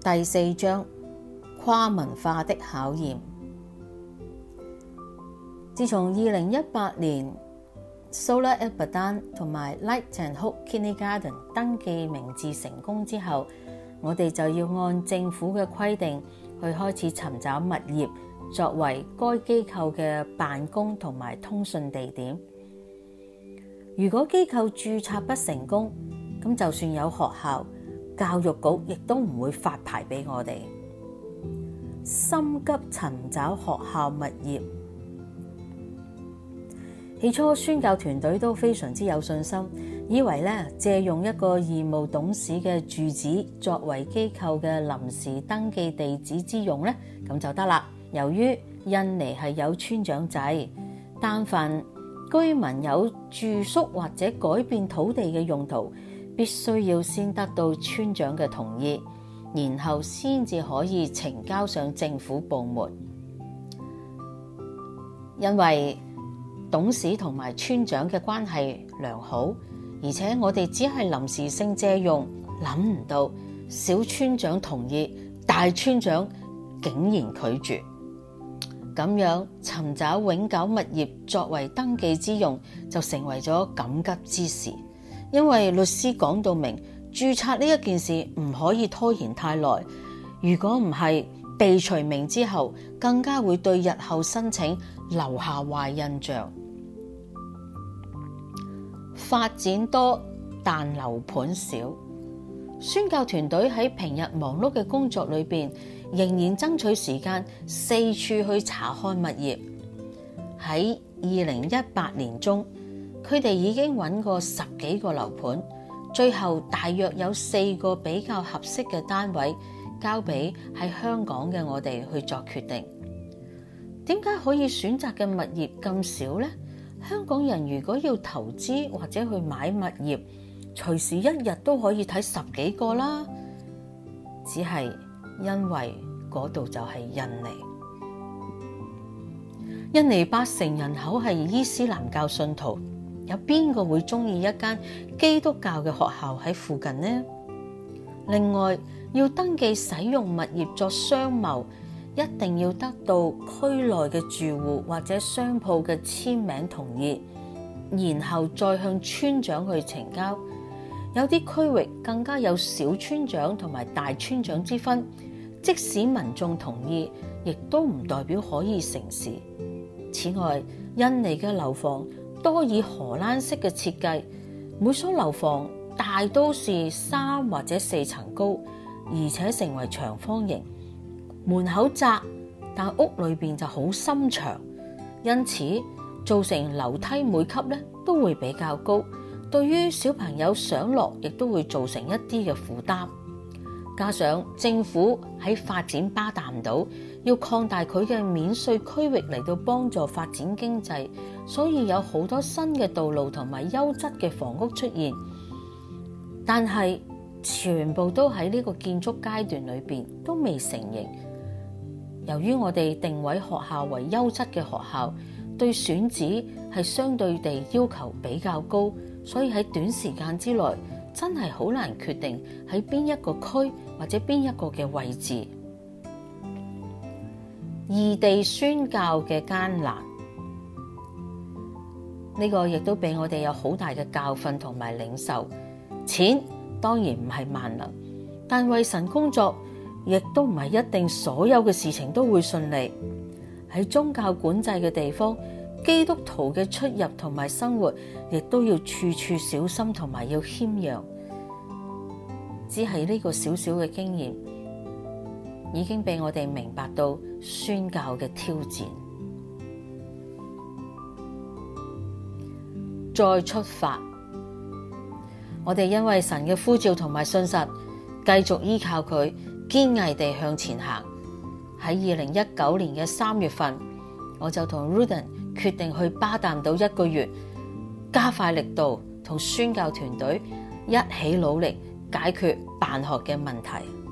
第四章跨文化的考驗。自從二零一八年 Solar Ebbadan 同埋 Light and Hope Kindergarten 登記名字成功之後，我哋就要按政府嘅規定去開始尋找物業作為該機構嘅辦公同埋通訊地點。如果機構註冊不成功，咁就算有學校，教育局亦都唔會發牌俾我哋，心急尋找學校物業。起初宣教團隊都非常之有信心，以為咧借用一個義務董事嘅住址作為機構嘅臨時登記地址之用咧，咁就得啦。由於印尼係有村長制，但凡居民有住宿或者改變土地嘅用途。必須要先得到村長嘅同意，然後先至可以呈交上政府部門。因為董事同埋村長嘅關係良好，而且我哋只係臨時性借用，諗唔到小村長同意，大村長竟然拒絕。咁樣尋找永久物業作為登記之用，就成為咗緊急之事。因為律師講到明，註冊呢一件事唔可以拖延太耐。如果唔係被除名之後，更加會對日後申請留下壞印象。發展多，但樓盤少。宣教團隊喺平日忙碌嘅工作裏邊，仍然爭取時間，四處去查看物業。喺二零一八年中。佢哋已經揾過十幾個樓盤，最後大約有四個比較合適嘅單位交俾喺香港嘅我哋去作決定。點解可以選擇嘅物業咁少呢？香港人如果要投資或者去買物業，隨時一日都可以睇十幾個啦。只係因為嗰度就係印尼，印尼八成人口係伊斯蘭教信徒。有邊個會中意一間基督教嘅學校喺附近呢？另外，要登記使用物業作商貿，一定要得到區內嘅住戶或者商鋪嘅簽名同意，然後再向村長去呈交。有啲區域更加有小村長同埋大村長之分，即使民眾同意，亦都唔代表可以成事。此外，印尼嘅樓房。多以荷蘭式嘅設計，每所樓房大都是三或者四層高，而且成為長方形，門口窄，但屋裏邊就好深長，因此造成樓梯每級咧都會比較高，對於小朋友上落亦都會造成一啲嘅負擔，加上政府喺發展巴達唔到。要擴大佢嘅免稅區域嚟到幫助發展經濟，所以有好多新嘅道路同埋優質嘅房屋出現，但係全部都喺呢個建築階段裏邊都未成型。由於我哋定位學校為優質嘅學校，對選址係相對地要求比較高，所以喺短時間之內，真係好難決定喺邊一個區或者邊一個嘅位置。異地宣教嘅艱難，呢、這個亦都俾我哋有好大嘅教訓同埋領受。錢當然唔係萬能，但為神工作亦都唔係一定所有嘅事情都會順利。喺宗教管制嘅地方，基督徒嘅出入同埋生活，亦都要處處小心同埋要謙讓。只係呢個小小嘅經驗。已經畀我哋明白到宣教嘅挑戰，再出發。我哋因為神嘅呼召同埋信實，繼續依靠佢堅毅地向前行。喺二零一九年嘅三月份，我就同 Rudin 決定去巴淡島一個月，加快力度同宣教團隊一起努力解決辦學嘅問題。